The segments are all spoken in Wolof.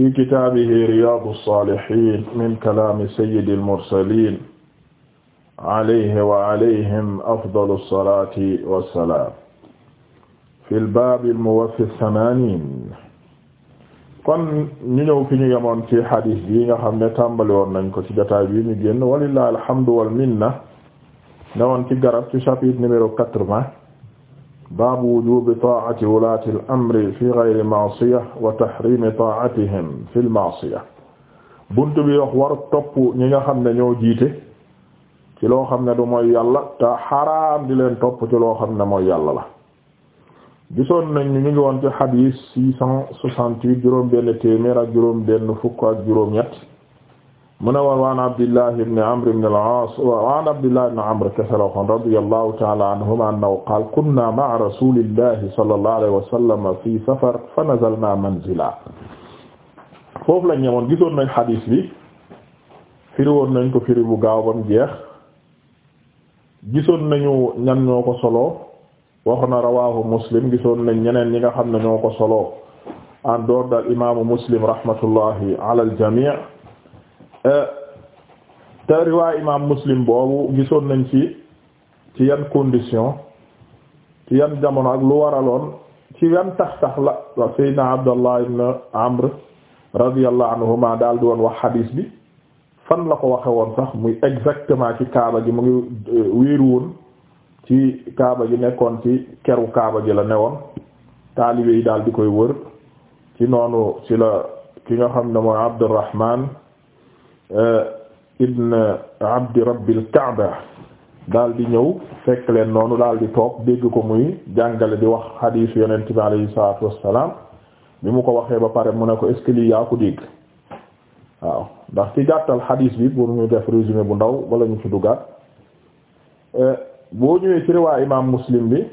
fi kitaabihi riyaadu saalihiin min kalaami sayyidil mursaliin alayhi wa alayhim afdalu salaati wa salaam fil baabil muwaffi samaaniin kon ñu ñëw fi ñu yemoon ci xadiis bi nga xam ne tàmbali woon nañ ko ci jotaay bi ñu génn walillahi alhamdu wal minna newoon ci garab ci chapitre numéro quatre-vingts baabu wujuubi taa'ati wulaati amri fi ghayri ma'siya wa tahriimi taa'atihim fil ma'siya bunt bi wax war topp ñi nga xam ne ñoo jiite ci loo xam ne du mooy yàlla te xaraam di leen topp ci loo xam ne mooy yàlla la gisoon nañ ñu ngi woon ci xadiis six cent soixante-huit juróom benn téeméer ak juróom benn fukk ak juróom ñett mu ne woon waan Abdullah ibn Amr ibn al-As waan Abdullah ibn Amr kese la waxoon radiyallahu ta'ala anhuma annahu qaala kunna ma'a rasulillahi sallallahu alayhi wa sallam fi safar fa nazalna manzila foofu la ñëwoon gisoon nañ xadiis bi firi woon nañ ko firi bu gaaw bam jeex gisoon nañu ñan ñoo ko solo waxoon na rawaahu Muslim gisoon nañ ñeneen ñi nga xam ne ñoo ko solo en dehors de l'imaamu Muslim rahmatullahi ala al-jamii' Euh, te riwaay imaam muslim boobu gisoon nañ ci ci yan condition ci yan jamono ak lu waraloon ci yan tax tax la seydna abdallah ibn amr radiyallahu anhuma daal di woon wax xadiis bi fan la ko waxe woon sax muy exactement ci kaaba gi mu ngi euh, wéeru woon ci kaaba gi nekkoon ci keru kaaba gi la ne woon taalibe yi daal di koy wër ci noonu ci la ki nga xam ne mooy abdurrahman Eh, ibn abdi rabbil kaaba daal di ñëw fekk leen noonu daal di toog dégg ko muy jàngale di wax xadiis yonent bi alayhi salaatu wassalaam bi mu ko waxee ba pare mu ne ko est-ce que lii yaa ko dégg waaw ndax ci gàttal xadiis bi pour ñu def résumé bu ndaw wala ñu ci duggaat eh, boo ñëwee ci riwaa imaam muslim bi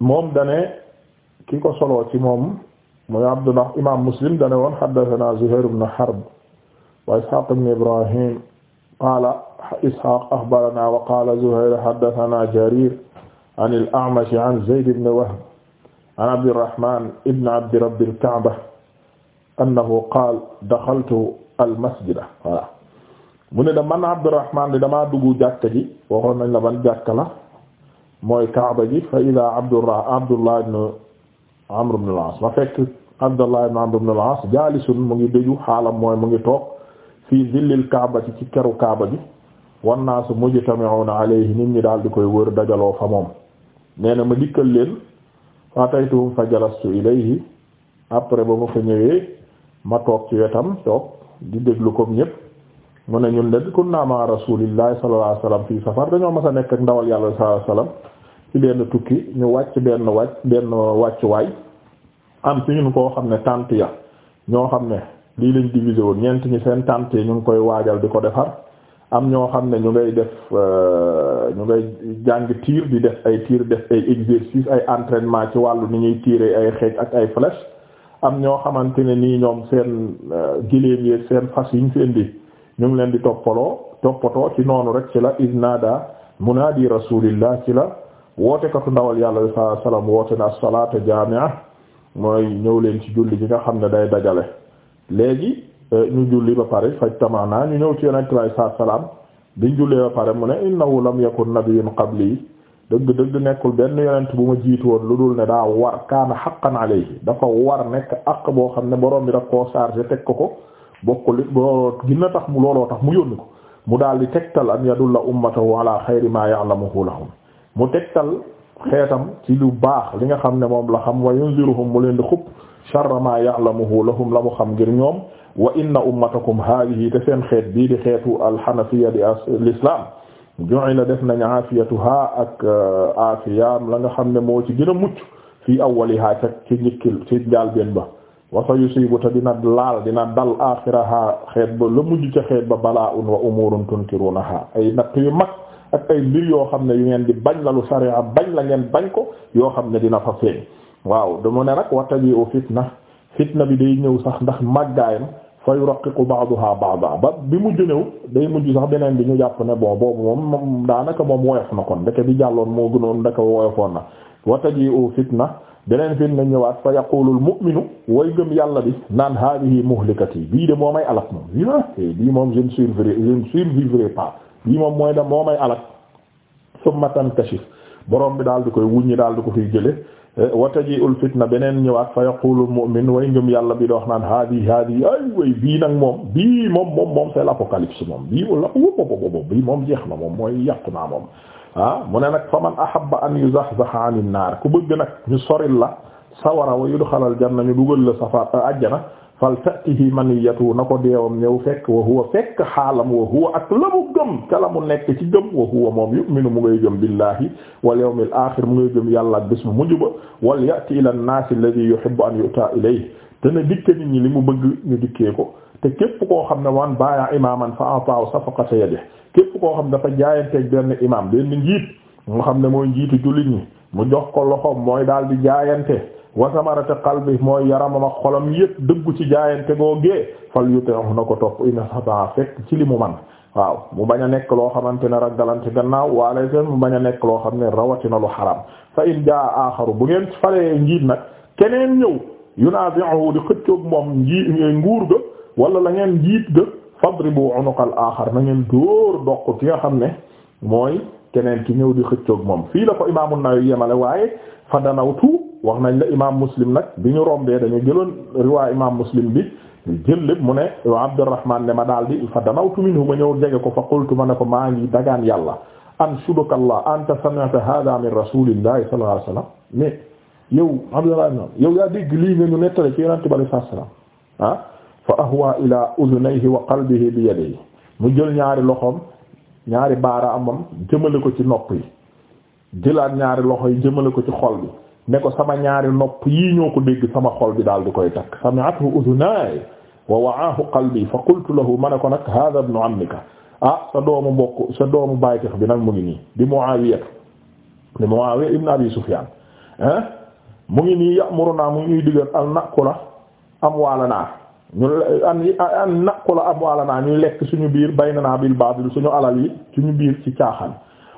moom dane ki ko soloo ci moom muy abdullah imaam muslim dane woon xaddathana zuhair na harb wa Ishaq ibn Ibrahim qaala Ishaq axbaranaa wa qaala Zuhayr haddasanaa Jariir an al-A'mash an Zayd ibn Wahb an Abdirrahmaan ibn Abdi Rabbil Ka'ba annahu qaala daxaltu al-masjida voilà mu ne da man Abdirrahmaan di damaa dugg jàkka ji waxoon nañ la ban jàkka la mooy Kaaba ji fa idaa Abdullah Abdullah ibn Amr ibn al-As ma fekk Abdullah ibn Amr ibn al-As jaalisun mu ngi dëju xaalam mooy mu ngi toog. fii zillil kaaba ci keru kaaba bi wan naa su mujtami'una alayhi nit ñi daal di koy wër dajaloo fa moom nee na ma dikkal leen fa taytuhum fa jalastu ilayhi après ba ma fa ñëwee ma toog ci wetam toog di déglu comme ñëpp mu ne ñun de kunna ma rasulillahi sallallahu alayhi wasallam fii safar dañoo mas a nekk ak ndawal yàlla sallallahu alayhi wasallam benn tukki ñu wàcc benn wàcc benn wàccuwaay am ci ñun koo xam ne tant ya ñoo xam ne lii lañ divisé woon ñeent ñi seen tànt ñu ngi koy waajal di ko defar am ñoo xam ne ñu ngay def euh, ñu ngay jàng tir di def ay tir def ay exercice ay entraînement ci wàllu ni ñuy tirer ay xeej ak ay flèche am ñoo xamante ne nii ñoom seen euh, giléem yi seen fas yi ñu fi indi ñu ngi leen di toppaloo toppatoo ci noonu rek ci la isnada munaadi rasulillah ci la woote wootekatu ndawal yàlla sallallahu alayhi wasallam woote na as-salaatu jaami'a mooy ñëw leen ci julli gi nga xam ne day dajale léegi euh, ñu julli ba pare faj tamaana ñu ñëw ci yonent bi alayhi salaatu salaam biñ jullee ba pare mu ne innahu lam yakun nabiyyun qabli dëgg dëgg nekkul benn yonent bu ma jiitu woon lu dul ne daa war kaana haqqan alayhi dafa war nekk ak boo xam ne borom bi daf koo chargé teg ko ko bokk it looloo ginna tax mu looloo tax mu yónni ko mu daal di tegtal an yadulla ummatahu ala xayri ma ya'lamuhu la mu tegtal xeetam ci lu baax li nga xam ne moom la xam wa yunziruhum mu leen di xupp sharra ma ya'lamuhu lahum la mu xam ngir ñoom wa inna ummatakum haadihi te seen xeet bii di xeetu alxanafiya di l'islam ju'ila def nañ aafiyatuha ak euh, aafiyaam la nga xam ne moo ci gën a mucc ci njëkkil ci ba wa sa yusibu te dina laal dina dal aaxiraha xeet ba la mujj ca xeet ba balaa'un wa umuurun tunkiruunaha ay natt yu ay mbir yoo xam ne yu ngeen di bañ lalu lu sariya bañ la ngeen bañ ko yoo xam ne dina fa feeñ waaw dama ne nag wattaji u fitna fitna bi day ñëw sax ndax màggaayam fa yuraqiqu ba'daha ba'da ba bi mujj ñëw day mujj sax beneen bi ñu jàpp ne bon boobu moom daanaka moom woyof na kon ndeke bi jàlloon moo gënoon ndeke woyofoon na wattaji u fitna beneen fitna ñëwaat fa yaqulul mu'minu way gëm yàlla bi naan hadihi muhlikati bii de moo may alak moom bii eh, moom je ne survivrai je ne pas bii moom mooy da moo may alak summa tankashif borom bi daal di koy wuññi daal di ko fiy jële Eh, wataji ul fitna beneen ñëwaat fa yaqulu mu'min way ngëm yàlla bi do wax naan hadi hadi ay way bii nag moom bii moom moom moom c'est l'apocalypse moom bii wala wóobobobob bii moom jeex na moom mooy yàqu naa moom ah mu ne nag faman ahabba an yuzahzaha anin naar ku bëgg nag ñu soril la sawara wa yudxalal janna ñu dugal la safar ajjana fal tatihi maniyatu na ko deewam ñëw fekk wa huwa fekk xaalam wa huwa ak la mu gëm ca la mu nekk ci gëm wa huwa moom yuminu mu ngay gëm billahi wal yawmil aaxir mu ngay gëm yàlla ak bés bu mujj ba wal yati ila nnaasi alladi yuhibbu an yutaa ilayhi te na ñi li mu bëgg ñu dikkee ko te képp koo xam ne wan baya imaman fa ataaw safaqata yadihi képp koo xam dafa jaayanteeg benn imam benn njiit mu xam ne mooy njiitu jullit ñi mu jox ko loxoom mooy daal di jaayante wa samarati qalbi mooy yaramam ma xolam yëpp dëggu ci jaayante googee fal yu na ko topp ina sata fekk ci li mu man waaw mu bañ a nekk loo xamante ne ragalante gannaaw waale seen mu bañ a nekk loo xam ne rawatina lu xaram fa in jaa aaxaru bu ngeen falee njiit nag keneen ñëw yunazi'uhu di moom nguur ga wala la ngeen njiit ga fadribu unuqal aaxar na ngeen dóor doq ki nga xam ne mooy keneen ki ñëw di xëccoog moom fii la ko imaamu Nawawi yemale wax nañ la imaam muslim nag bi ñu rombee dañu jëloon riwaay imaam muslim bi jël lépp mu ne wa Abdurrahman ne ma daal di fa danawtu minhu ma ñëw jege ko fa qultu ma ne ko maa ngi dagaan yàlla anshudukallah anta sami'ta hadha min rasulillahi sallallahu alayhi wasallam mais yow Abdurrahman yow yaa dégg lii nga ñu nettale ci yonente bi alayhi salaam ah? fa ahwa ila udunayhi wa qalbihi bi yadihi mu jël ñaari loxoom ñaari baaraamam jëmale ko ci nopp yi jëlaat ñaari loxo yi jëmale ko ci xol ne ko sama ñaari nopp yii ñoo ko dégg sama xol bi daal di koy takk sami'athu udhunaaya wa wa'aahu qalbi fa qultu lahu ma ne ko nag hadha ibnu ammika ah sa doomu mbokk sa doomu baytix bi nag mu ngi nii di Muawiya di Muawiya ibn Abi Sufyaan ah mu ngi nii ya'muruna mu ngi ñuy digal an naqula amwaalanaa ñu an naqula amwaalanaa lekk suñu biir baynanaa bil baatil suñu alal yi suñu biir ci caaxaan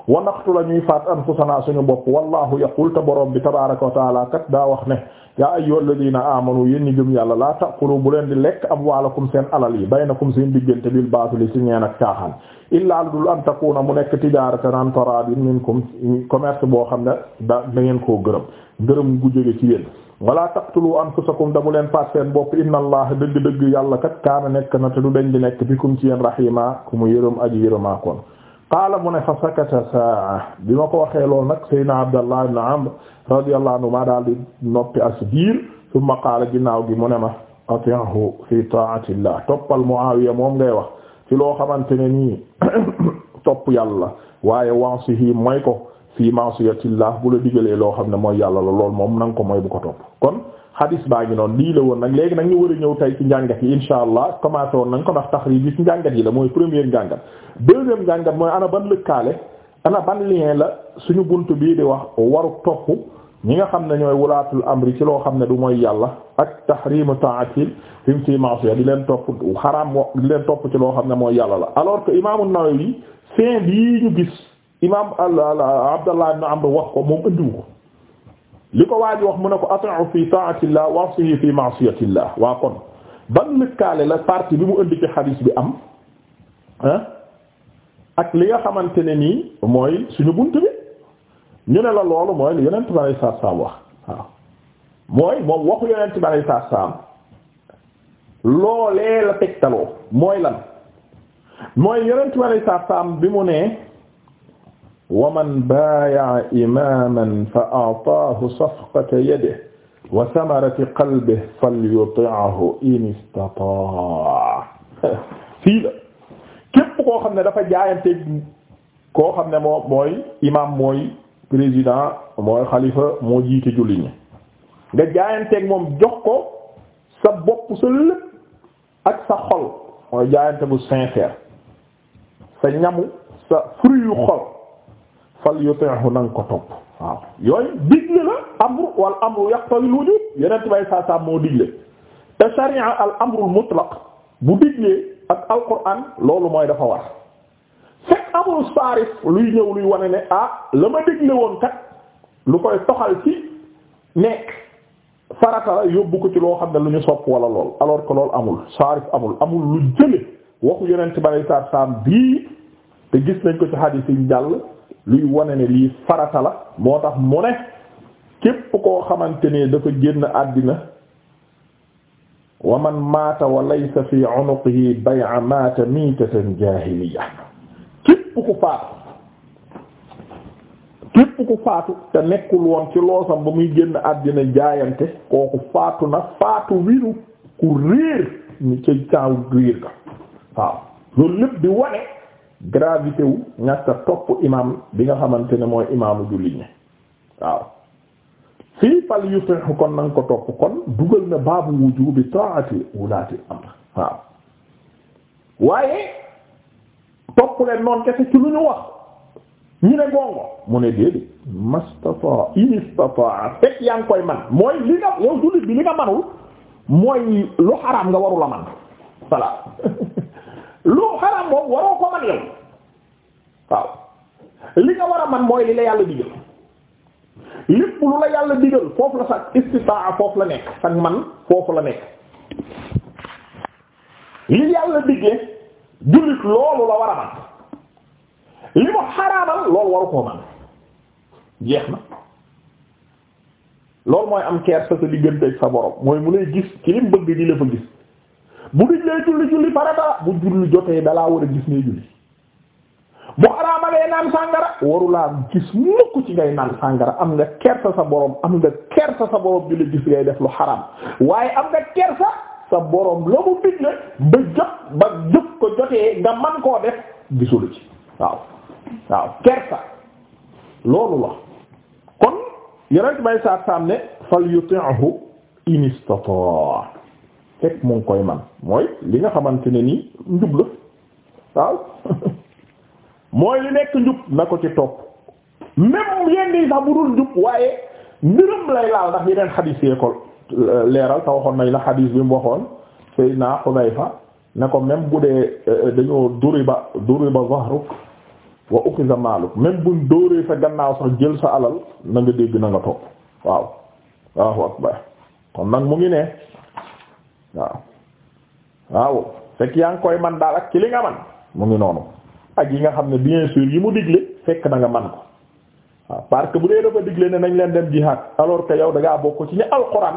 wa naqtu la ñuy faat anfusana suñu bopp wallahu yaqul te borom bi tabaraka wa taala kat daa wax ne yaa ayyuhal ladina amanu yéen ñi gëm yàlla laa taqulu bu leen di lekk amwaalakum seen alal yi baynakum seen diggante bil baatili ci ñeen ak caaxaan illaa dul an takuna mu nekk tijaaratan an taraadin minkum commerce boo xam ne da da ngeen koo gërëm gërëm gu jóge ci yéen wala taqtulu anfusakum da bu leen faat seen bopp inna dëgg-dëgg yàlla kat kaana nekk na te du deñ di nekk bikum ci yéen rahiima ku mu yërëm aji yërëmaa kon qaala mu ne fa sakata saa bi ma ko waxee lool nag Seydina Abdallah ibn Amr radiyallahu anhu maa daal noppi as biir summa qaala ginnaaw gi mu ne ma ati'hu fi ta'atillah toppal Muawiya moom ngay wax ci loo xamante ne nii topp yàlla waaye wa'sihi mooy ko fi ma'siyatillah bu la digalee loo xam ne mooy yàlla la lool moom nanga ko mooy bu ko topp kon xadis baa ngi noonu lii la woon nag léegi nag ñu war a ñëw tay ci njàngat yi insha allah commencé woon nañ ko ndax taxriij bi ci njàngat yi la mooy première njàngat deuxième njàngat mooy ana ban lëkkaale ana ban lien la suñu bunt bii di wax waru topp ñi nga xam ne ñooy wulaatul amri ci loo xam ne du mooy yàlla ak tahrimu ta'til fi mu fi ma'siya di leen topp xaraam di leen topp ci loo xam ne mooy yàlla la alors que imaamu Nawawi fin bii ñu gis imaam al Abdallah ibn Amr wax ko moom andiwu li ko waa ji wax mu ne ko ati'u fi ta'atillah wa'sihi fi ma'siyatillah waa kon ban lëkkaale la partie bi mu indi ci xadiis bi am ak li nga xamante ne nii mooy suñu bunt bi ñu ne la loolu mooy li yonent bi alayhi salaatu wax waaw mooy moom waxu yonent bi alayhi salaatu salaam loolee la tegtaloo mooy lan mooy yonent bi alayhi salaatu bi mu nee wa man baaya'a imaaman fa a'taahu safqata yadihi wa samarata qalbihi falyuti'hu in istataa'a. fii la képp koo xam ne dafa jaayante koo xam ne moo mooy imaam mooy président mooy xalifa moo jiite julli ñi nga jaayanteeg moom jox ko sa bopp sa lépp ak sa xol mooy jaayante bu sincère sa ñamu sa fruit yu xol. fal yuti'hu na nga ko topp waaw yooyu digle la amru wal amru yaqtali wujub yeneen bay saa saa moo digle te sharia al amrul mutlaq bu diglee ak alquran loolu mooy dafa war fekk amul saarif luy ñëw luy wane ne ah la ma digle woon kat lu koy toxal ci nekk farata la yóbbu ko ci loo xam ne lu ñu sopp wala lool alors que loolu amul saarif amul amul lu jële waxu yeneen bay saa saa bii te gis nañ ko ci hadith yi jàll luy wane ne lii farata la moo tax mu ne képp koo xamante ne dafa génn àddina wa man maata wa laysa fi unuqihi bay'a maata miitatan jaahiliya képp ku faatu képp ku faatu te nekkul woon ci loosam ba muy génn àddina jaayante kooku faatu na faatu wiru ku réer ni ci taaw réer ka waaw loolu lépp di wane gravité wu ñàkk topp imam bi nga xamante ne mooy imaamu julli ñi waaw fii fal yutihu kon na ko topp kon dugal na baabu wujubi ta'ati wulaati amr waaw waaye topp leen noonu kese ci lu ñu wax ñu ne gongo mu ne déedéet mastata in istata fekk yaa ngi koy man mooy li nga yow jullit bi li nga manul mooy lu xaraam nga warula man voilà lu xaraam moom waroo ko man yow waaw li nga war a man mooy li la yàlla digal lépp lu la yàlla digal foofu la sa istitaa foofu la nekk sag man foofu la nekk li yàlla digle jullit loolu la war a man li mu xaraamal loolu waru koo man jeex na loolu mooy am keer sa sa diggante ak sa borom mooy mu lay gis ci bëgg di la fa gis bu dijlee julli julli farata bu julli jotee dalaa war a gis ne julli bu araamalee naan sàngara warulaa gis mukk ci ngay naan sàngara am nga kersa sa borom am nga kersa sa borom di gis ngay def lu xaram waaye am nga kersa sa borom la mu digle ba jot ba jot ko jotee nga man koo def gisulu ci waaw waaw kersa loolu la kon yonent bay saat saam ne fal yuti'hu in istata fekk mu koy man mooy li nga xamante ne nii njub la waaw mooy li nekk njub na ko ci topp même yenn yi sax bu dul njub waaye mbirum lay laal ndax yeneen xadiis yee ko euh, leeral te waxoon nañ la xadiis bi mu waxoon Seydina Xudayfa ne ko même bu dee euh, dañoo duriba duriba zahruk wa uxiza maaluk même buñ dóoree sa gannaaw sax jël sa alal na nga dégg na nga topp waaw waaw akbar kon nag mu ngi ne waaw waaw fekk yaa ngi koy man daal ak ci li nga man mu ngi noonu ak yi nga xam ne bien sûr yi mu digle fekk na nga man ko waaw parce bu dee dafa digle ne nañ leen dem jihaad alors que yow dangaa ngaa bokk ci ñi alxuraan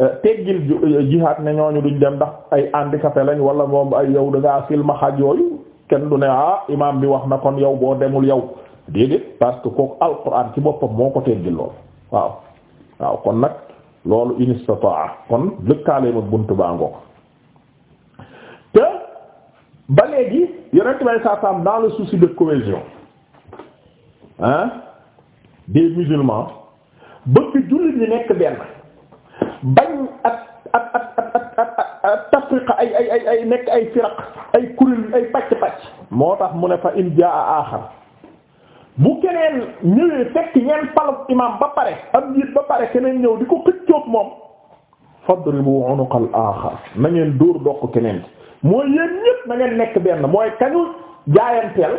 euh, teggil euh, jihaad ne ñooñu duñ dem ndax ay handicapé lañ wala moom ay yow da ngaa silma xaj kenn du ne ah imaam bi wax na kon yow boo demul yow déedéet parce que kooku alxuraan ci boppam moo ko teggil lool waaw waaw kon nag. loolu in kon lëkkaaleem ak bunt baa ngoog te ba léegi yonent bay saasaam dans le souci de cohésion hein des musulmans bëgg jullit ñi nekk benn bañ ak ak ak ak ak tafriqa ay ay ay ay nekk ay firaq ay kuréel ay pàcc pàcc moo tax mu ne fa in jaa aaxar bu keneen ñëwee fekk ñeen palub imam ba pare am njiit ba pare keneen ñëw di ko xëccoog moom fadribu unuqal axar na ngeen dóor dokk keneen mooy yéen ñépp na ngeen nekk benn mooy kañu jaayanteel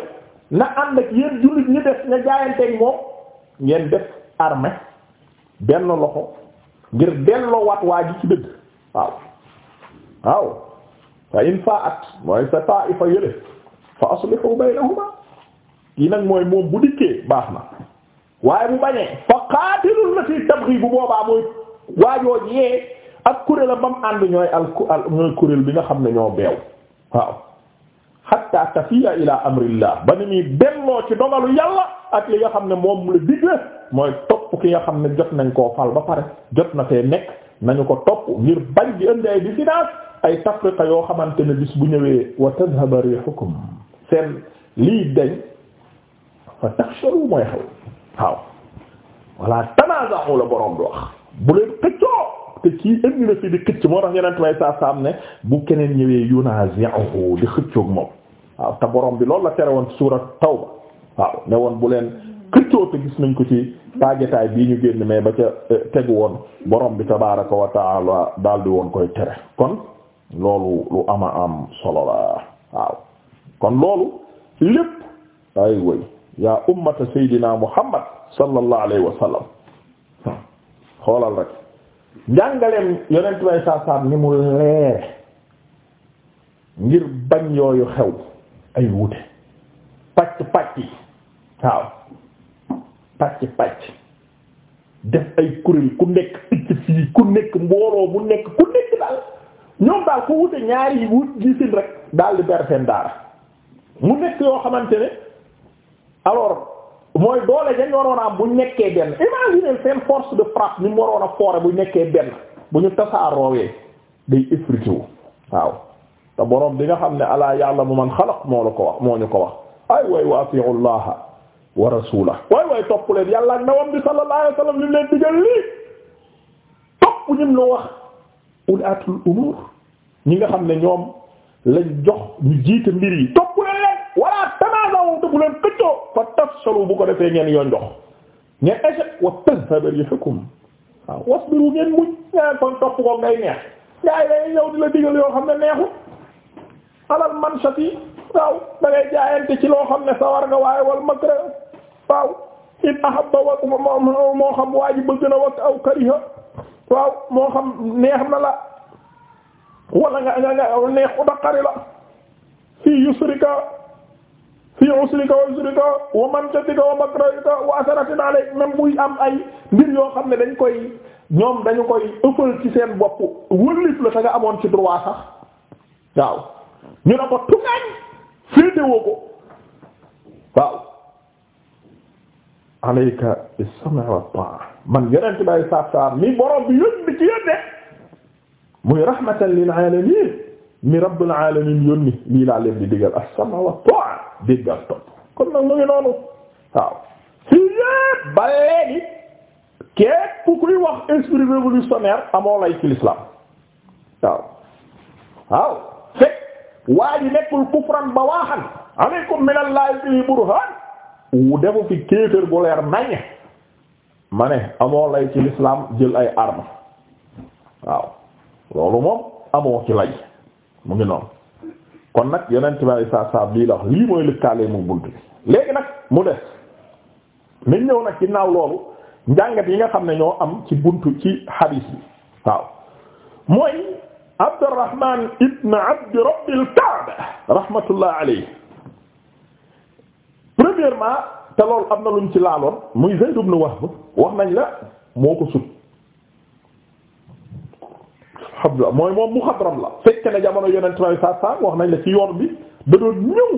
na ànd ak yéen jullit ñi def nga jaayanteeg moom ngeen def armée benn loxo ngir delloo waat waa ji ci dëgg waaw waaw fa in faat mooy sa taifa yële fa aslihu baynahuma yi nag mooy moom bu dikkee baax na waaye bu bañee fa qaatilul lati tabghi bu boobaa mooy waajooj yee ak kuréel a ba mu ànd ñooy al al kuréel bi nga xam ne ñoo beew waaw hatta tafiya ila amrillah ba ni muy bennoo ci dogalu yàlla ak li nga xam ne moom la digle mooy topp ki nga xam ne jot nañ koo fal ba pare jot na fee nekk nañu ko topp ngir bañ di indi ay dissidence ay tafriqa yoo xamante ne bis bu ñëwee wa tadhhaba rihukum seen lii dañ fa taxsharu mooy xew waaw wala tanaaza'u la borom bi wax bu leen xëccoo te kii indi na fi di xëcc ne bu keneen ñëwee yunaazi'uhu moom waaw te borom bi loolu la tere woon suurat tawba waaw ne woon bu leen xëccoo te gis nañ ko ci taajataay bii ñu génn mais ba ca eh, tegu woon borom bi tabaaraka wa ta'ala daal di woon koy tere kon loolu lu ama am solo la waaw kon loolu lépp ay way yaa ummata saydina muhammad sallallahu alayhi wa xoolal rek njàngaleem yonent saasaam ni mu leere ngir bañ yooyu xew ay wute pàcc pàcc yi waaw pàcc pàcc def ay kuréel ku nekk picc fii ku nekk mbooloo bu nekk ku nekk daal ñoom daal ku wute ñaari yi wut gisin rek daal di ber seen mu nekk yoo xamante ne alors mooy doole dañ waroon a am bu nekkee benn imagine seen force de frappe ni waroon a foore bu nekkee benn bu ñu tasaaroowee day effrité waaw te boroom bi nga xam ne alaa ya'lamu man xalaq moo la ko wax moo ñu ko wax ay way wa atiu wa rasula waay waay topp leen yàlla ak ndawam bi sallallahu alayhi wasallam lim leen digal lii topp ñim lu wax ulaatul umuur ñi nga xam ne ñoom lañ jox ñu jiite mbir yi bu leen xëccoo fa tafsalu bu ko defee ngeen yoon jox ngeen échec wa tadhhaba rihukum waaw wasbiru ngeen muñ ngeen kon topp ko ngay neex ngay day yow di la digal yoo xam ne neexu alal manshati waaw da ngay jaayante ci loo xam ne sawar nga waaye wal makra waaw in ahabba wa moo xam waa ji bëgg na wat aw kariha waaw moo xam neex na la wala nga nga neex udaqari la fii yusrika fii usrika wa yusrika wa mantatika wa makrika wa asaratin alay même am ay mbir yoo xam ne dañ koy ñoom dañu koy ëffal ci seen bopp wëllif la te amoon ci droit sax waaw ñu ne ko tugaan féetewoo ko waaw alayka bis-sam'i wat-ta'a mi borom bi yónni ci yónne muy rahmatan lil alamin mi laa leen di digal as-sam'a wat-ta'a dégg ak topp kon nag mu ngi noonu waaw si yépp ba léegi képp ku kuy wax esprit révolutionnaire amoo lay ci l'islam waaw waaw fekk waa ji nekkul kufran ba waaxan alaykum minallahi fi burhan wu defu fi kéefër bu ma ne amoo lay ci l'islam jël ay armes waaw loolu moom amoo ci lay mu ngi noonu kon nag yonent bi alei saatu salaam lii la lii mooy lëkkaale mu bunt bi léegi nag mu des nañ ñëw nag ginnaaw loolu njàngat yi nga xam ne ñoo am ci bunt ci hadis bi waaw mooy Abdurrahman ibn abdi rabbil Kaaba rahmatullah alayhi premièrement te lool am na luñ ci laaloon muy Zayd ibn Wahb wax nañ la moo ko sut xabla mooy moom muxadram la fekk na jamono yonent bay saa saa wax nañ la ci yoon bi da doon ñëw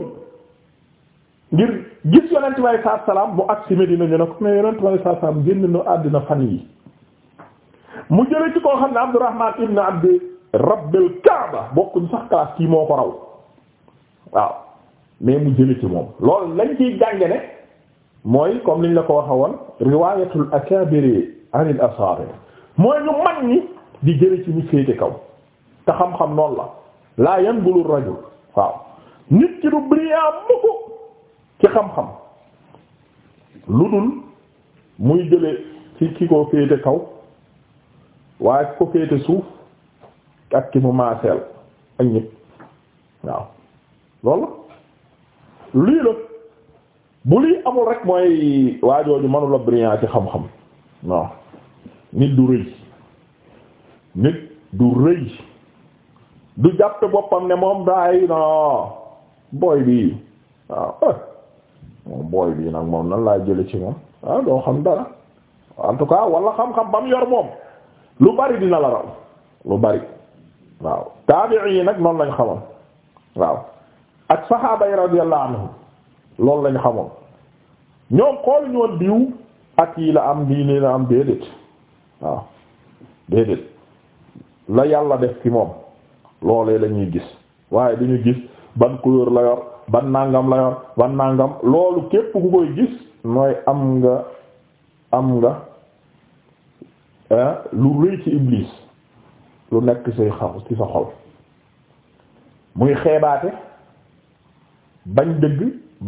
ngir gis yonent bay saa salaam bu agsi Medina ñu ne ko mais yonent bay saa salaam génn na àddina fan yi mu jële ci koo xam ne Abdurrahman ibn Abd Rabbil Kaaba bokkuñ sax classe kii moo ko raw waaw mais mu jële moom loolu lañ ciy jànge ne mooy comme liñ la ko waxa woon riwayatul akabiri anil mooy ñu mag ñi di jële ci ñu féete kaw te xam-xam noonu la laa yan bulul rajul waaw nit ki du brillant mukk ci xam-xam lu dul muy jële ci ki ko féete kaw waaye ki ko féete suuf ak ki mu maaseel ak ñëpp waaw loolu lii la bu lii amul rek mooy waajooju manula brillant ci xam-xam waaw nit du rëy nit du rëy du jàppe boppam ne moom daay no booy bii waaw eh. moom booy bii nag moom nan laa jële ci moom ah doo xam dara en tout cas wala xam-xam ba mu yor moom lu bari dina la raw lu bari waaw taabi'i nag noonu lañ xamoon waaw ak saxaaba yi radiyallahu anhum loolu lañ xamoon ñoom xool ñoon diw ak yii la am nii nii la am déedéet waaw déedéet la yàlla def ci moom loolee la ñuy gis waaye du ñu gis ban couleur la yor ban nangam la yor ban nangam loolu képp ku koy gis mooy am nga am nga lu rëy ci iblis lu nekk say xaw ci sa xol muy xeebaate bañ dëgg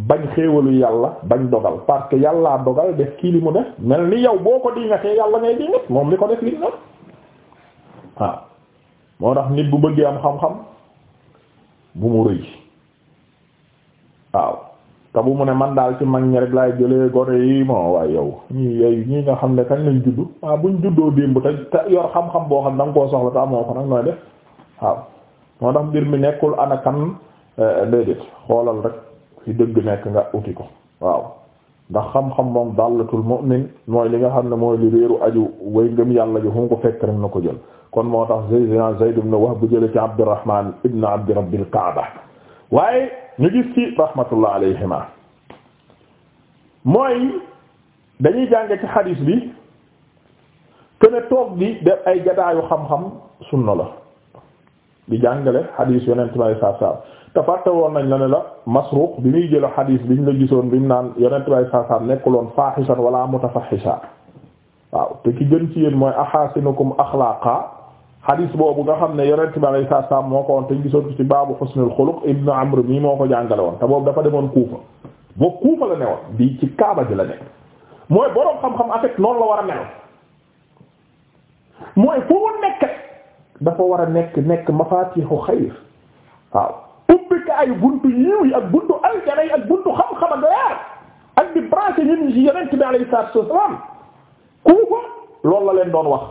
bañ xéewalu yàlla bañ dogal parce que yàlla dogal def kii li mu def mel ni yow boo ko di nga yàlla ngay di moom li ko def li mu waaw moo tax nit bu bëgg am xam-xam bu mu rëy waaw te bu mu ne man daal ci mag ñi rek laay jëlee gone yi mo waaye yow ñii nga xam ne kañ lañ juddu waaw buñ juddoo démb te te yor xam-xam boo xam da nga koo soxla te amoo ko nooy def waaw moo tax mbir mi nekkul ana kan eh, déedéet xoolal rek fi dëgg nekk nga uti ko waaw ndax xam-xam moom dallatul mu'min mooy li nga xam ne mooy li réeru aju way ngëm yàlla ji fu mu ko na ko jël kon moo tax Zayd Zayd ibn Wahb bu jële ci Abdurrahman ibn Abdi Rabbil Kaaba waaye ñu gis ci rahmatullah alayhima mooy dañuy jànge ci xadiis bi te ne toog di def ay gadaayu xam-xam sunna la di jàngale xadiis yonent ma sallallahu alayhi wasallam te fàtte woon nañ la ne la Masruq bi muy jël xadiis bi ñu la gisoon bi ñu naan yonent bay saasaam nekkuloon faaxisan wala mutafaxisa waaw te ki gën ci yéen mooy axaasinukum axlaaqa xadiis boobu nga xam ne yonent bay saasaam moo ko woon te gisoon ko ci baabu xusnul xuluq ibnu amr mii moo ko jàngale woon te boobu dafa demoon kuufa boobu kuufa la ne woon bii ci kaaba ji la nekk mooy boroom xam-xam en noonu la war a mel mooy fu mu nekk dafa war a ay buntu yiw yi ak buntu aljana yi ak buntu xam-xam doyaar ak di branché ñun ci yonent bi alayhi salaatu wassalaam kooku la leen doon wax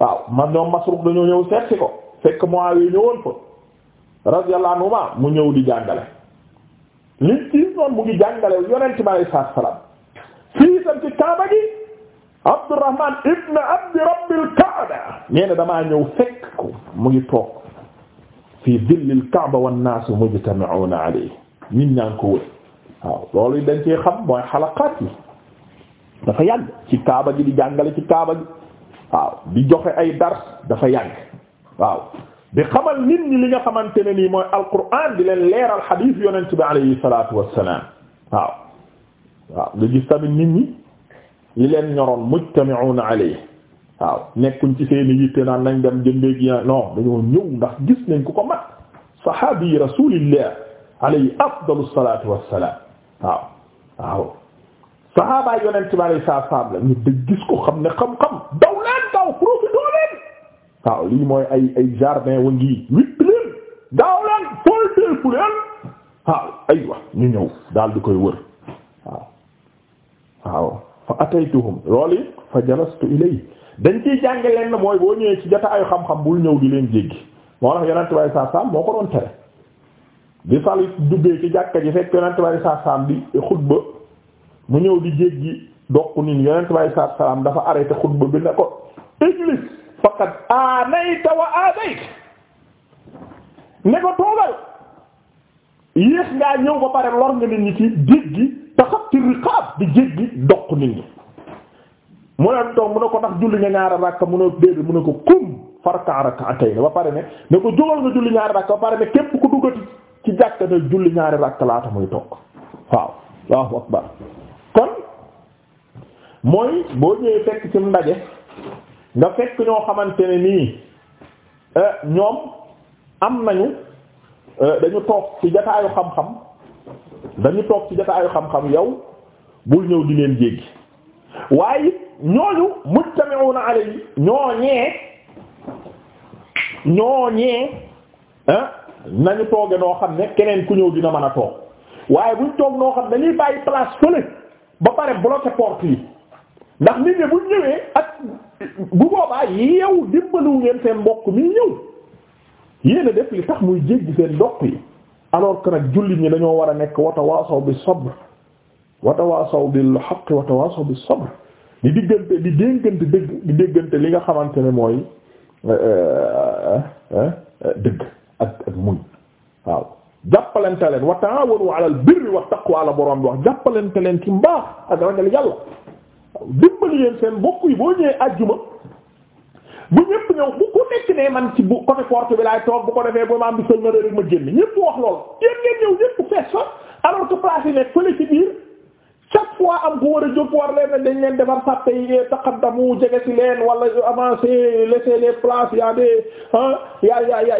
waaw ma ñoom Masruq dañoo ñëw seet ko fekk Muawiya ñëwoon fa radiyallahu anhu mu ñëw di jàngale liñ ci noonu mu ngi jàngale yonent bi alayhi salaatu wassalaam fii itam ci Kaaba ibn Abdi Rabbil Kaaba nee damaa ñëw fekk ko mu ngi toog. fii dillil kaaba wan naasu mujtami'una alayhi nit ñaa ngi ko wër waaw loolu dañ cee xam mooy xalaqaat yi dafa yàgg ci kaaba gi di jàngale ci kaaba gi waaw di joxe ay dars dafa yàgg waaw di xamal nit ñi li nga xamante ne nii mooy alquran di leen leeral xadiis yonent bi alayhi salaatu wassalaam waaw waaw nga gis tamit nit ñi li leen ñoroon mujtami'una alayhi waaw nekkuñ ci seeni yitte naan nañ dem jëndee gi non dañoo ñëw ndax gis nañ ku ko mat sahabi rasulillah alayhi afdalu salatu wassalam waaw waaw sahabaay yonent bi alay saa salam ko xam ne xam-xam daw leen daw profité leen waaw lii mooy ay ay jardin wa ngi witt leen daaw leen folteeku leen aywa ñu ñëw daal di koy wër waaw waaw fa ataytuhum loolu fa jalastu ilayhi dañ kiy jànge leen na mooy boo ñëwee ci jotaayu xam-xam bul ñëw di leen jéggi moo tax yonent bi saa saam moo ko doon tere di sali duggee ci jàkka ji fekk yonent bi saa saam di xutba mu ñëw di jéggi doq nit yonent bi saa saam dafa arrêté xutba bi ne ko ijlis faqad aanayta wa ko toogal yéex ngaa ñëw ba pare lor nga nit ñi ci jéggi taxat ci riqaab di jéggi doq nit ñi mu ne mu ne ko ndax julli nga ñaari rakka mu ne déedéet mu ne ko kum farka ba pare ne ne ko jógal nga julli ñaari ràkk ba pare ne képp ku duggati ci jàkka ne julli ñaari rakka laata muy toog waaw Allahu akbar kon mooy boo ñëwee fekk ci ndaje nga fekk ñoo xamante ne nii eh, ñoom am nañu eh, dañu toog ci jataayu xam-xam dañu toog ci jataayu xam-xam yow bul ñëw di leen jéggi waaye ñooñu mujtami'una alayhi ñooñee ñooñee ah nañu tooge noo xam ne keneen ku ñëw dina mën a toog waaye buñ toog noo xam dañuy bàyyi place fële ba pare bloquer porte yi ndax nit ñi buñ ñëwee ak bu boobaa yow dimbaluwu ngeen seen mbokk mi ñëw yéena def li tax muy jéggi seen doq yi alors que nag jullit ñi dañoo war a nekk watawaasaw bi sabr watawaasaw bil haqq watawaasaw bis sabr di diggante di dénkante dëgg di déggante li nga xamante ne mooy euh, euh, euh, dëgg ak ak muñ waaw jàppalante leen wa ta'awanu alal wax wa taqwa la boroom bi wax jàppalante leen ci mbaax ak ragal yàlla dimbali leen seen bokk yi boo ñëwee àjjuma bu ñëpp ñëw bu ku nekk ne man ci bu côté porte bi laay toog bu ko defee bu ma am bi sëñ ma rek ma génn ñëpp wax lool yéen ngeen ñëw ñëpp fees fa alors que place yi fële ci biir chaque fois am ku war a jóg war leen dañ leen defar sàppe yi taqaddamu jege ci leen wala avancer laisser les places y a des hein y a y a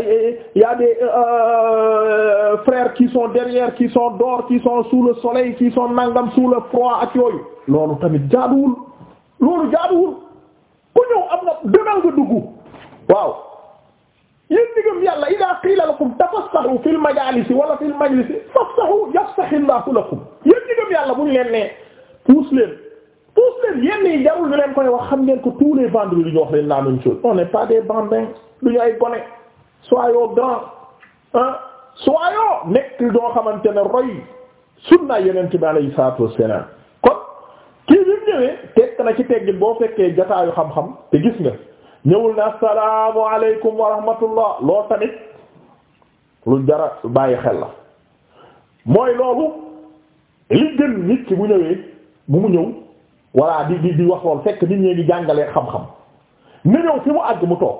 y a des euh, euh, frères qui sont derrière qui sont dehors qui sont sous le soleil qui sont nangam sous froid ak yooyu loolu tamit jaaduwul loolu jaaduwul ku ñëw am na demal nga dugg waaw yéen ñi gëm yàlla idaa qiila lakum tafassahu fil majaalisi wala fil majlisi fafsahu yafsahi Allahu lakum yéen ñi gëm yàlla bu ñu leen nee puus leen puus leen yéen ñi jarul leen koy wax xam ngeen ko tous les vendredis ñu wax leen la même chose on n'est pas des bambins du ñu ay gone soyons grands ah nekk doo xamante ne roy sunna yonent bi alayhi salaatu wassalaam kon kii bi ñëwee tekk na ci teggin boo fekkee jataayu xam-xam te gis nga. ñëwul ne assalaamu aleykum wa rahmatullah tamit lu jara bàyyi xel la mooy loolu li gën nit ki bu ñëwee bu mu ñëw walla di di di wax lool fekk nit ñee ngi jàngalee xam-xam na ñëw mu àgg mu toog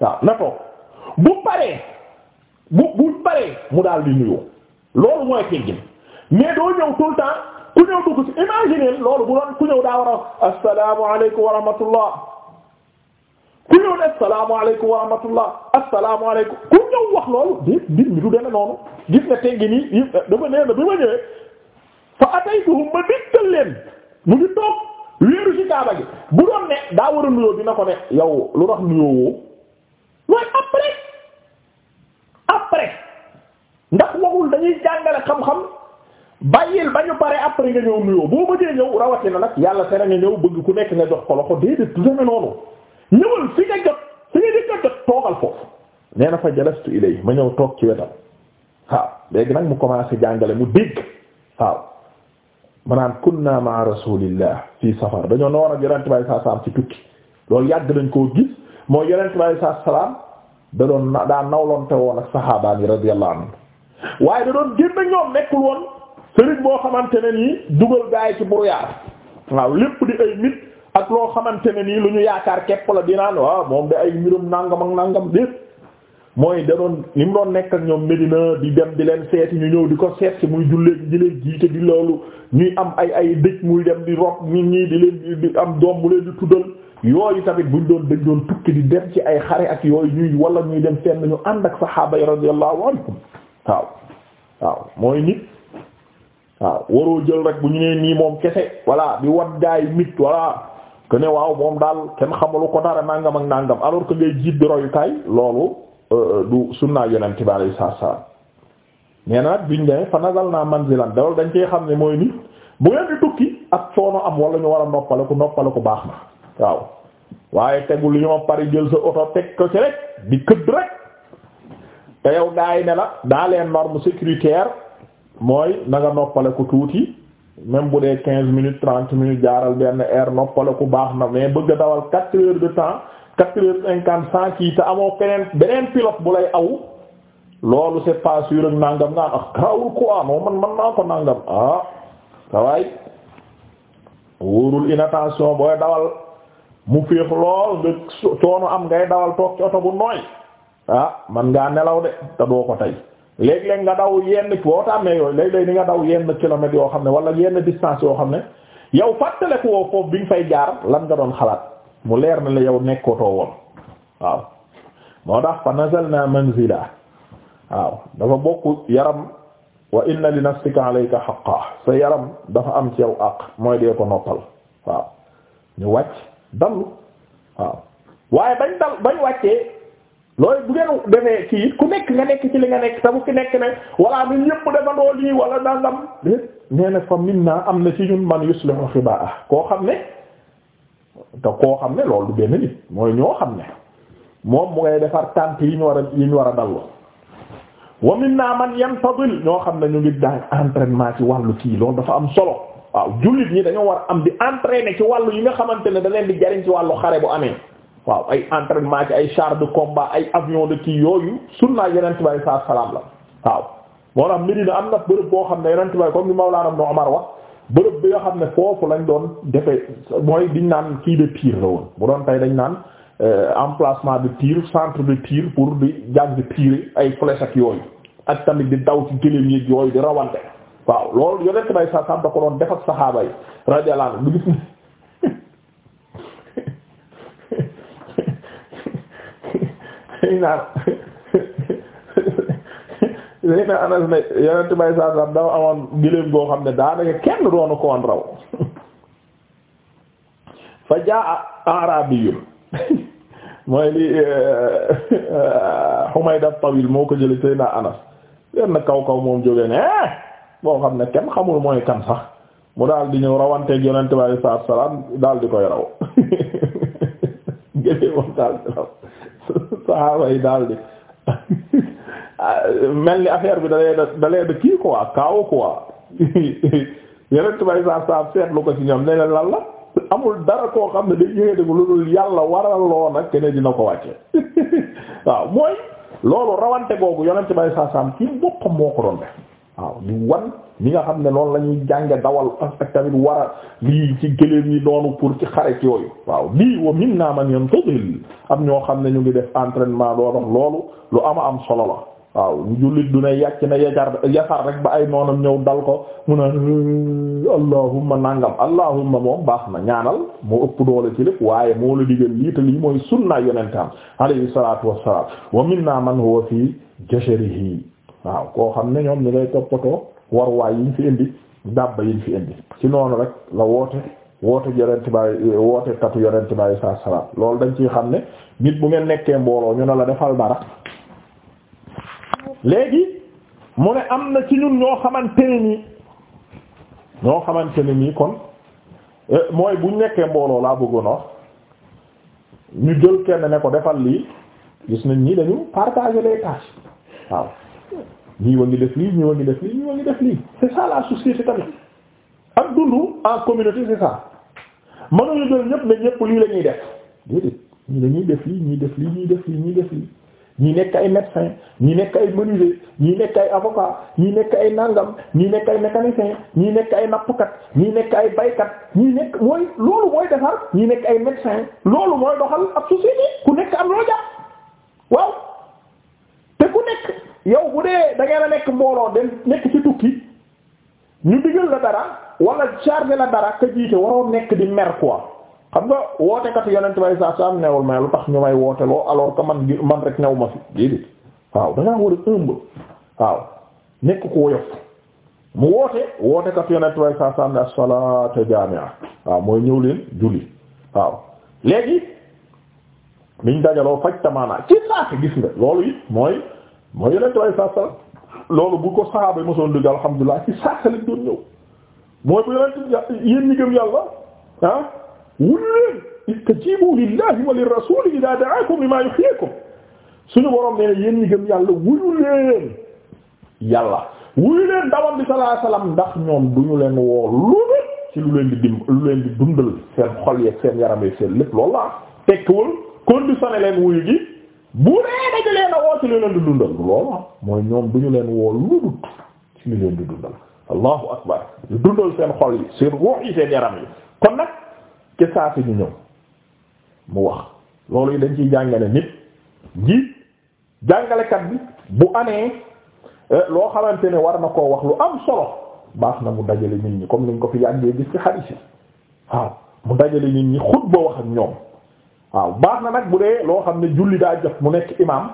waaw na toog bu paree bu bu paree mu daal di nuyoo loolu mooy teggin mais doo ñëw tout ku ñëw dugg ci imaginer loolu bu doon ku ñëw daa war a assalaamu aleykum wa rahmatullah ku ñëw ne asalaamaaleykum wa rahmatullah asalaamaaleykum ku ñëw wax loolu di mbir mi du deme noonu gis nga tey jii nii dafa nee bi ma fa ataytuhum ma dikkal leen mu ngi toog wéeru ci kaaba gi bu doon ne daa war a nuyoo dina ko ne yow lu tax nuyoo woo mooy après après ndax waxul dañuy jàngale xam-xam bàyyil ba ñu pare après nga ñëw nuyoo boo bëggee ñëw rawatina nag yàlla tere nga ñëw bëgg ku nekk nga jox ko loxo déedéet du deme noonu. ñëwal fi nga jot fi nga jëkk jot toogal foofu nee fa jalastu ilay ma ñëw toog ci wetam waaw léegi nag mu commencé jàngale mu dégg waaw maanaam kunna ma'a rasulillah fii safar dañoo na war ak yonent ci tukki loolu yàgg dañ koo gis mooy yonent bi saa salaam da doon daa nawloon te woon ak saxaabaan yi radiyallahu waaye da doon génn ñoom nekkul woon sëriñ boo xamante ne nii dugal gaay ci brouillard waaw lépp di ay nit ak loo xamante ne nii lu ñu yaakaar képp la dinaan waaw moom da ay mbirum nangam ak nangam déet mooy da doon li mu doon nekk ak ñoom Medina di dem di leen seeti ñu ñëw di ko seet si muy jullee di leen jiite di loolu ñuy am ay ay dëj muy dem di rob nit ñi di leen di am doom mu leen di tuddal yooyu tamit buñ doon dañ doon tukki di dem ci ay xare ak yooyu ñuy wala ñuy dem fenn ñu ànd ak saxaaba yi radiyallahu anhum waaw waaw mooy nit waaw waroo moom kese voilà di wat que waaw moom daal kenn xamalu ko dara nangam ak nangam alors que ngay jiit bi royukaay loolu euh, du sunnaa yonent bi alayhi salaam nee na nag biñ demee fa nazal naa manzilan dawal dañ cee xam ne mooy ni bu ngeen di tukki ak coono am wala ñu war a noppaleku noppaleku baax na waaw waaye tegul li ñoo pari jël sa oto teg ko ci rek di këdd rek te yow gaa ne la daa leen norme sécuritaire mooy na nga ko tuuti. même bu dee quinze minutes trente minutes jaaral benn heure noppale ku baax na mais bëgg a dawal quatre heures de temps quatre heures cinquante cent kii te amoo beneen beneen pilote bu lay aw loolu c'est pas ak nangam naan ah, ak man man naa ko nangam ah sawaay inattention booy dawal mu féex lool nga coono am ngay dawal toog ci oto bu nooy ah man ngaa nelaw de te doo ko tey léeg-léeg nga daw yenn boo tàmmee yooyu léeg-léeg ni nga daw yenn kilomètres yoo xam ne wala yenn distance yoo xam ne yow fàttaleku woo foofu bi nga fay jaar lan nga doon xalaat mu leer na la yow nekkatoo woon waaw moo tax fa nazalna manzila waaw dafa bokk yaram wa inna li nafsika alayka haqqan sa yaram dafa am ci yow àq mooy dee ko noppal waaw ñu wàcc dallu waaw waaye bañ dal bañ wàccee looy bu ngeen defee kii ku nekk nga nekk ci li nga nekk te bu ki nekk ne walla ñun ñëpp defandoo lii wala nangam déet nee na fa minna am na ci ñun man yuslihu xibaa koo xam ne te koo xam ne loolu benn mooy ñoo xam ne moom mu defar tànt yi ñu war a yi ñu war a dallu wa minna man yantadil ñoo xam ne ñu ngi daan entraînement ci wàllu kii loolu dafa am solo waaw jullit ñi dañoo war am di entraîner ci wàllu yi nga xamante ne da leen di jariñ ci wàllu xare bu amee waaw ay entraînement ci ay char de combat ay avion de kii yooyu sunna yonent bi saa salaam la waaw moo tax Medina am na bërëb boo xam ne yonent bi comme ni Mawlana Ibn Umar wax bërëb bi nga xam ne foofu lañ doon defe mooy diñ naan kii de tir la woon bu doon tey dañ naan euh, emplacement de tir centre de tir pour di jàng tirer ay flèche ak yooyu ak tamit di daw ci gëléem yi yooyu di rawante waaw loolu yonent bi saa salaam da ko doon def ak saxaaba yi radiyallahu anhu dañ naan Anas ne yonent bay saa saa dafa amoon gëléem goo xam ne daanaka kenn doonu ko woon raw fa jaa arabiyun mooy li eh, eh, Humayd at-Tawil moo ko jële Seydina Anas benn kaw kaw moom jógee ne eh, boo xam ne kenn xamul mooy kan sax mu daal di ñëw rawanteeg yonent bay saa salaam daal di koy raw gëléem daal di raw saxaaba yi daal di mel ni affaire bi dalee da dalee da kii quoi kaaw quoi yeneen tubaab yi sax sax seetlu ko ci ñoom ne lan la amul dara koo xam ne day yëngate ko lu dul yàlla waraloo nag keneen dina ko wàcce waaw mooy loolu rawante googu yonent tubaab yi sax sax moo ko doon waaw di wan. mi nga xam ne noonu lañuy ñuy jànge dawal ak tamit war lii ci gëléem yi doonu pour ci xaret yooyu waaw lii wa min naa man yantazil am ñoo xam ne ñu ngi def entraînement doo dox loolu lu ama am solo la waaw jullit du ne yàcc na yajar yasar rek ba ay noonam ñëw dal ko mun a allahumma nangam allahumma moom baax na ñaanal moo ëpp doole ci lépp waaye moo la digal lii te lii mooy sunna yonentam alayhi salaatu wassalaam wa minna man huwa fi jasharihi waaw koo xam ne ñoom ñi ngay toppatoo waruwaay yi ñu fi indi dàbba yi fi indi ci noonu rek la woote woote yonent bi woote katu yonent bi saa salaam loolu dañ ciy xam ne nit bu ngeen nekkee mbooloo ñu ne la defal dara léegi mu ne am na ci ñun ñoo xamante ne nii ñoo xamante ne nii kon eh, mooy bu nekkee mbooloo laa bëggoon wax ñu jël kenn ne ko defal lii gis nañ ñi dañu partager les tâches waaw. ñii wa ngi def lii ñii wa ngi def lii ñii wa ngi def lii c'est ak dundu en communauté c'est ça mënuñu jël ñëpp ne ñëpp lii la ñuy def déedéet ñii dañuy def lii ñii def lii ñii def lii ñii def lii nekk ay médecin ñii nekk ay menuisier ñii nekk ay avocat ñii nekk ay nangam ñii nekk ay mécanicien ñii nekk ay nappkat ñii nekk ay baykat ñii nekk mooy loolu mooy defar ñii nekk ay médecin loolu mooy doxal ab société ku nekk am loo jàpp yow bu dee da ngeen a nekk mbooloo dem nekk ci tukki ñu digal la dara wala chargé la dara ka jiite waroo nekk di mer xam nga wootekat yonent bay saa saa am newul mais lu tax ñu may wooteloo alors que man man rek new ma fi déedéet waaw da war a ëmb waaw nekk ko woyof mu woote wootekat yonent bay saa saa am ne as-salaatu waaw mooy ñëw leen julli waaw léegi liñ dajaloo faj tamaanaa ci saa gis nga loolu it mooy. moo yeneen lay saa salaam loolu bu ko saxaaba yi mosoon dugg alhamdulilah ci saa salaam doon ñëw mooy bu yeneen yéen ñi gëm yàlla ah wul leen istajibu lillahi wa lirrasuli idaa da'aakum limaa yuhyiikum suñu borom nee yéen ñi gëm yàlla wuyu leen yàlla wuyu leen dawam bi sallallahu ndax ñoom du ñu leen woo lu ci lu leen di dim lu leen di dundal seen xol yeeg seen yaram yeeg seen lépp loolu la tekkiwul conditionné leen wuyu gi. bu nee dañu leen woo ci li leen di dundal loolu ah mooy ñoom duñu leen woo lu dul ci lu leen di dundal allahu akbar dundal seen xol yi seen ruux yi seen yaram yi kon nag ke saa si ñu ñëw mu wax loolu yi dañ ci jàngale nit njiit jàngalekat bi bu amee eh, loo xamante ne war na koo wax lu am solo baax na mu dajale nit ñi comme niñ ko fi yàggee gis ci xarit yi waaw mu dajale nit ñi xutba wax ak ñoom waaw baax na nag bu dee loo xam ne julli daa jot mu nekk imam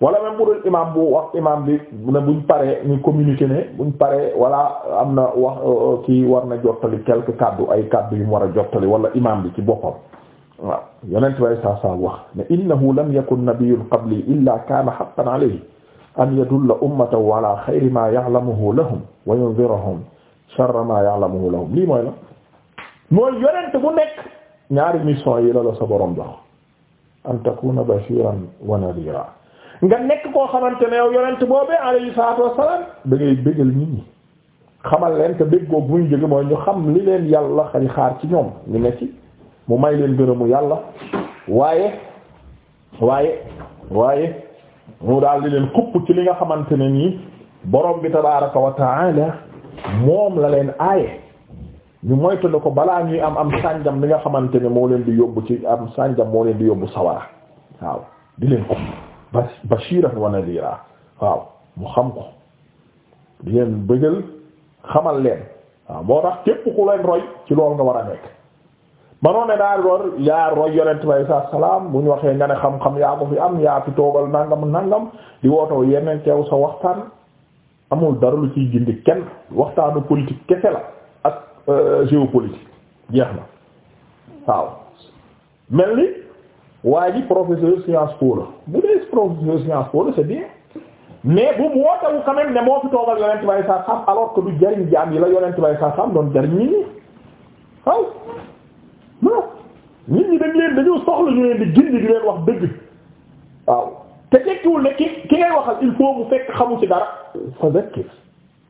wala même bu dul imam bu wax imam bi ne buñ paree ñu communiqué ne buñ pare wala am na wax euh, euh, kii war na jottali quelque kàddu ay kàddu yu mu war a jottali wala imam bi ci boppam waaw yonent bay saa saa wax ne innahu lam yakun nabiyyun qabli illa kaana haqqan alayhi an yadulla ummatahu ala xayri ma ya'lamuhu lahum wa yunzirahum sharra ma ya'lamuhu lahum lii mooy mooy yonent bu nekk ñaari mission yi la la sa boroom jox an takuna bashiran wa nadira nga nekk koo xamante ne yow yonent boobee alayhi salaatu wassalaam da bégal nit xamal leen te béggoo bu ñu jóge mooy ñu xam li leen yàlla xay xaar ci ñoom ñu ne ci mu may leen gërëmu yàlla waaye waaye waaye mu daal di leen xupp ci li nga xamante ne nii borom bi tabaaraka wa ta'ala moom la leen aaye ñu moytu ne ko balaa ñuy am am sànjam li nga xamante ne moo leen di yóbbu ci am sànjam moo leen di yóbbu sawara waaw di leen ko ba bashiran wa nadira waaw mu xam ko di leen bëggal xamal leen waaw moo tax képp ku leen roy ci loolu nga war a nekk manoon ne daal roor yaa roy yonent bi alayhi salaam bu ñu waxee nga ne xam-xam yaa ko fi am yaa fi toogal nangam nangam di wootoo yeneen teew sa waxtaan amul dara lu ciy gindi kenn waxtaanu politique kese la Euh, géopolitique jeex na waaw mel ni waa ji professeur Sciences Po la bu dee professeur Sciences Po la c'est bien mais bu mu wootewu quand ne moo fi toogal yonent bay saa sam alors que du jariñ jaam yi la yonent bay saa sam doon jariñ nit ñi waaw non nit ñi dañ leen dañoo soxla ñu leen di gindi di leen wax dëgg waaw te tekkiwul ne ki ki ngay waxal il faut mu fekk xamu ci dara fa zakkir